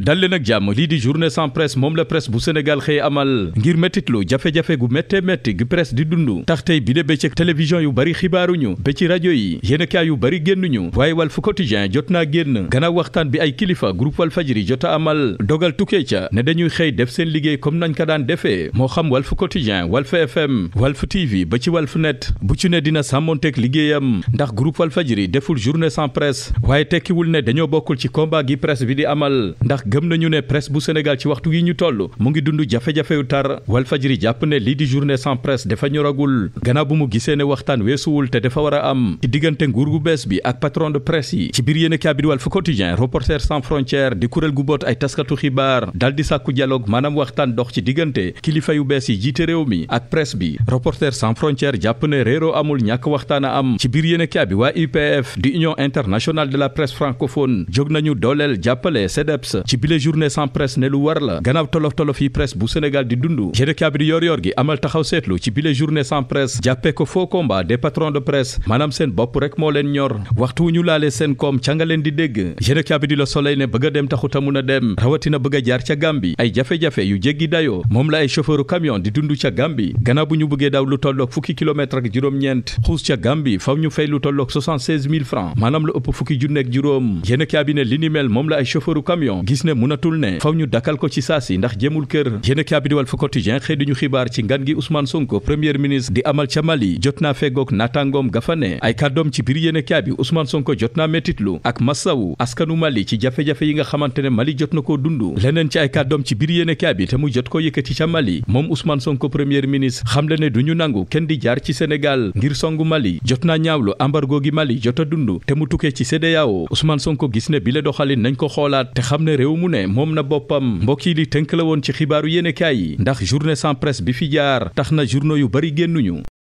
dal leen ak jàmm lii di journée sans presse moom la presse bu Sénégal xëy amal ngir méttitlu jafe-jafe gu méttee métti gi presse di dund tax tey bi de bëccëg télévision yu bari xibaaruñu ba ci rajo yi yéenekaay yu bari génnuñu waaye Walf Quotidien jot naa génn gannaaw waxtaan bi ay kilifa groupe Walfadjri jot a amal dogal tukkee ca ne dañuy xëy def seen liggéey comme nañ ko daan defee moo xam Walf Quotidien Walf FM Walf TV ba ci Walf Net bu ci ne dina sàmmonteeg liggéeyam ndax groupe Walfadjri deful journée sans presse waaye tekkiwul ne dañoo bokkul ci combat gi presse bi di amal ndax ndax gëm nañu ne presse bu Sénégal ci waxtu yi ñu toll mu ngi dund jafe-jafe yu tar Walfajri jàpp ne lii di journée sans presse dafa ñoragul gannaaw bu mu gisee ne waxtaan weesuwul te dafa war a am ci diggante nguur gu bees bi ak patron de presse yi ci biir yéen a kaabit Walf Quotidien Reporters sans frontières di kuréel gu boot ay taskatu xibaar dal di sàkku dialogue maanaam waxtaan dox ci diggante kilifa yu bees yi jiite réew mi ak presse bi Reporters sans frontières jàpp ne réeroo amul ñàkk waxtaan a am ci biir yéen a kaabit waa UPF di Union internationale de la presse francophone jóg nañu dooleel jàppale CDEPS ci bile journée sans presse ne lu war la gannaaw tolof-tolof yi presse bu Sénégal di dund général bi di yor-yor gi amal taxaw seetlu ci bile journée sans presse jàppee ko faux combat des patrons de presse maanaam seen bopp rek moo leen ñor waxtu wu ñu laalee seen koom ca nga leen di dégg général bi di la soleil ne bëgg a dem taxuta mun a dem rawatina bëgg a jaar ca Gàmbi ay jafe-jafe yu jéggi dayoo moom la ay chauffeuru camion di dund ca Gàmbi gannaaw bu ñu bëggee lu tolloog fukki kilomètre ak juróom-ñeent xuus ca Gàmbi faw ñu fay lu tolloog 76 000 francs moom la ay chauffeuru camion gis gis ne mënatul ne faw ñu dakkal ko ci saasi ndax jëmul kër yéene kaa bi di Walf Quotidien xëy duñu xibaar ci ngan gi Ousmane Sonko premier ministre di amal ca Mali jot naa fegook naataangoom gafane ay kàddoom ci biir yéene kaa bi Ousmane jot naa mettitlu ak massawu askanu Mali ci jafe-jafe yi nga xamante ne Mali jot na koo dund leneen ci ay kàddoom ci biir yéene kaa bi te mu jot ko yëkkati ca Mali moom Ousmane Sonko premier ministre xam le ne duñu nangu a réew mu ne moom na boppam mbokk yi tënk la woon ci xibaaru yéenekaay yi ndax journée sans presse bi fi jaar tax na journaux yu bari génnuñu